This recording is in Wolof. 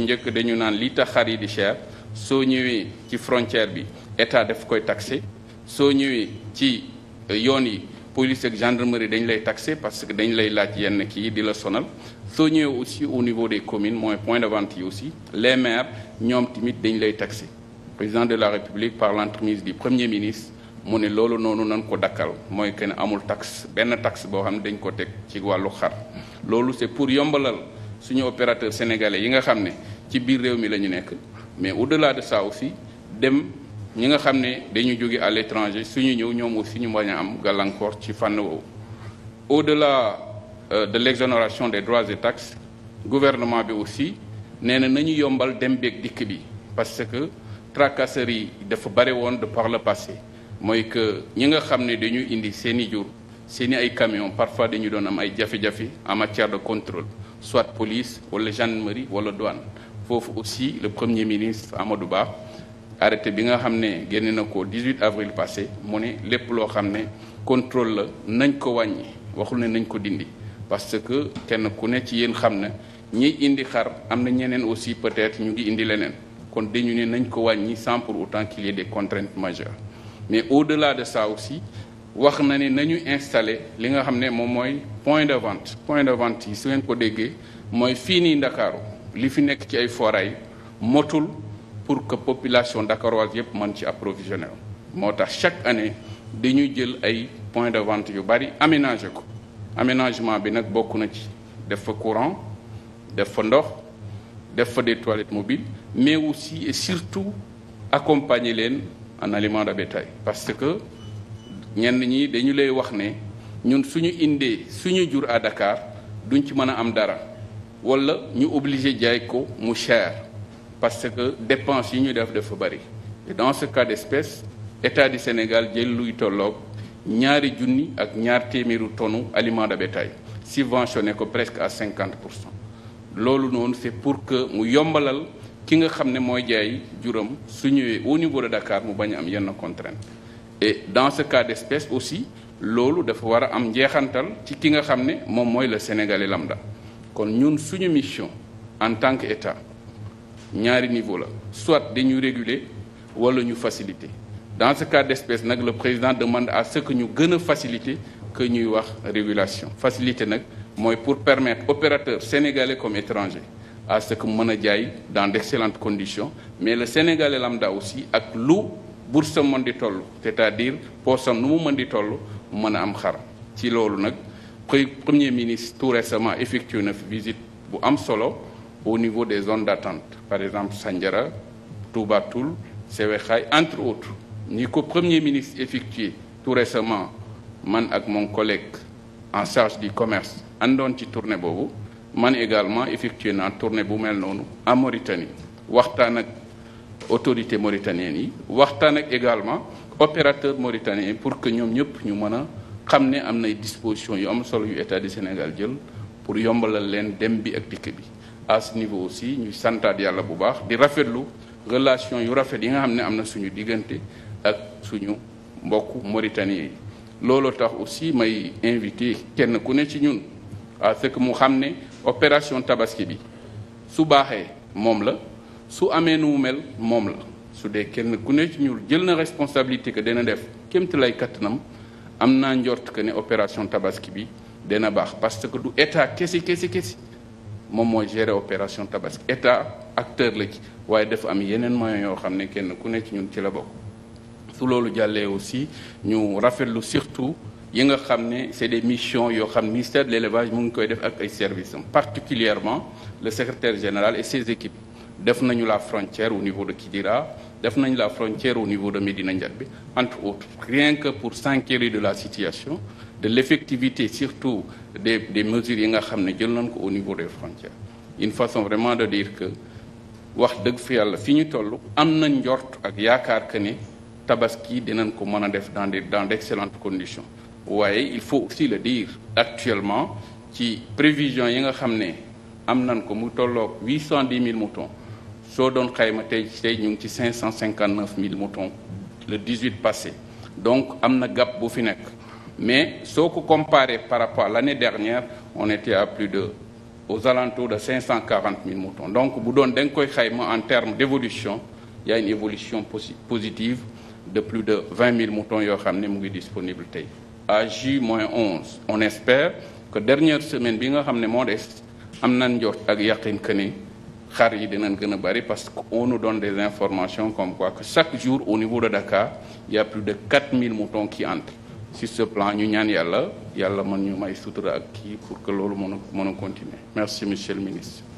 bu njëkk dañu naan lii tax xar yi di cher soo ñëwee ci frontière bi état def koy taxé soo ñëwee ci euh, yoon yi police ak gendarmerie dañ lay taxé parce que dañ lay laaj yenn kii di la sonal soo ñëwee aussi au niveau des communes mooy point de vente yi aussi les maires ñoom tamit dañ lay taxé président de la république par l'entremise du premier ministre mu ne loolu noonu nan ko dakkal mooy que ne amul taxe benn taxe boo xam ne dañ ko teg ci wàllu xar loolu c'est suñu opérateur sénégalais yi nga xam ne ci biir réew mi la ñu nekk mais au-delà de de ça aussi dem ñi nga xam ne dañu jóge à l'étranger suñu ñëw ñoom aussi ñu bañ a am gàllankoor ci fànn woowu au-delà euh, de l'exonération des droits et taxes gouvernement bi aussi nee na nañu yombal dem beeg dikk bi parce que tracasserie yi dafa bare woon de par le passé mooy que ñi nga xam ne dañu indi seeni jur seeni ay camions parfois dañu doon am ay jafe-jafe en matière de contrôle soit police wala gendarmerie wala douane foofu aussi le premier ministre du baax arrêté bi nga xam ne génne na ko 18 avril passé mu ne lépp loo xam ne contrôle la nañ ko wàññi waxul ne nañ ko dindi parce que kenn ku ne ci yéen xam na ñiy indi xar am na ñeneen aussi peut-être ñu ngi indi leneen kon dañu ne nañ ko wàññi sans pour autant des contraintes majeures mais au-delà de ça aussi wax na ne nañu installé li nga xam ne moom mooy point de vente point de vente yi su ngeen ko déggee mooy fii nii ndakaaru li fi nekk ci ay foray motul pour que population dakaroise yëpp man ci approvisionné moo tax chaque année dañu jël ay point de vente yu bari aménagé ko aménagement bi nag bokk na ci def fa courant def fa ndox def fa des toilettes mobiles mais aussi et surtout accompagner leen en aliment de bétail parce que ñenn ñi dañu lay wax ne ñun suñu indee suñu jur à Dakar duñ ci mën a am dara wala ñu obligé jaay ko mu cher parce que dépense yi ñu def dafa bari dans ce cas d'espèce état du Sénégal jël luy tolloog ñaari junni ak ñaar téeméeru tonu aliment de bétail subventionné ko presque à 50 pour loolu noonu c'est pour que mu yombalal ki nga xam ne mooy jaay juróom su ñëwee au niveau de Dakar mu bañ a am yenn contrainte dans ce cas d'espèce aussi loolu dafa war a am njeexantal ci ki nga xam ne moom mooy le sénégalais lambda kon ñun suñu mission en tant que état ñaari niveau la soit dañu réguler wala ñu faciliter dans ce cas d'espèce nag la président demande à ce que ñu gën a faciliter que ñuy wax régulation facilité nag mooy pour permettre opérateur sénégalais comme étrangers à ce que mën a jaay dans d'excellentes conditions mais le sénégalais lambda aussi ak lu bursam mën di toll c'est-à-dire poosam nu mu mën di toll mën a am xar ci loolu nag premier ministre tout récemment effectué na visite bu am solo au niveau des zones d'attente par exemple Sandiara Touba Toul Sewekhaay entre autres ni ko premier ministre effectué tout récemment man ak mon collègue en charge du commerce àndoon ci tournée boobu man également effectué na tournée bu mel noonu en Mauritanie waxtaan ak autorité mauritaniennes yi waxtaan ak également opérateur mauritaniens pour que ñoom ñëpp ñu mën a xam ne am nay dispositions yu am solo yu état du Sénégal jël pour yombalal leen dem bi ak dikk bi à ce niveau aussi ñu santaat yàlla bu baax di rafetlu relation yu rafet yi nga xam ne am na suñu diggante ak suñu mbokk mauritaniens yi loolu tax aussi may invité kenn ku ne ci ñun à ce que mu xam ne opération tabaski bi su baaxee moom la su amee nu mu mel moom la su dee kenn ku ne ci ñun jël na responsabilité que dana def kémti lay kattanam am na njort que ne opération tabaski bi dana baax parce que du état kesi kesi kesi moom mooy gérer opération tabaski état acteur la ci waaye dafa am yeneen moyens yoo xam ne kenn ku nekk ci ñun ci la bokk su loolu jàllee aussi ñu rafetlu surtout yi nga xam ne c'est des missions yoo xam ministère de lévage mu ngi koy def ak ay services am particulièrement le secrétaire général et ses équipes def nañu la frontière au niveau de Kidira def nañu la frontière au niveau de Médina bi entre autres rien que pour s'inquiéter de la situation de l'effectivité surtout des des mesures yi nga xam ne jël nañ ko au niveau des frontières une façon vraiment de dire que wax dëgg fi yàlla fi ñu toll am nañ njort ak yaakaar que ne tabaski dinañ ko mën a def dans des dans conditions waaye il faut aussi le dire actuellement ci prévision yi nga xam ne am nañ ko mu tolloog huit cent dix mille moutons soo doon xayma tey tey ñu ngi ci cinq cent cinquante neuf mille moutons le 18 passé donc am na gap bu fi nekk mais soo ko comparé par rapport à l'année dernière on était à plus de aux alentours de cinq cent quarante mille moutons donc bu doon da nga koy xayma en termes d'évolution il y a une évolution positive de plus de vingt mille moutons yoo xam ne mu ngi disponible tey à moins onze on espère que dernière semaine bi nga xam ne moo des am nañ njort ak yaqin que xar yi dinañ gën a bari parce que on nous donne des informations comme quoi que chaque jour au niveau de Dakar il y a plus de 4000 moutons qui entrent sur ce plan ñu ñaan yàlla yàlla mën ñu may sutura ak kii pour que loolu mën a mën a continuer merci monsieur le ministre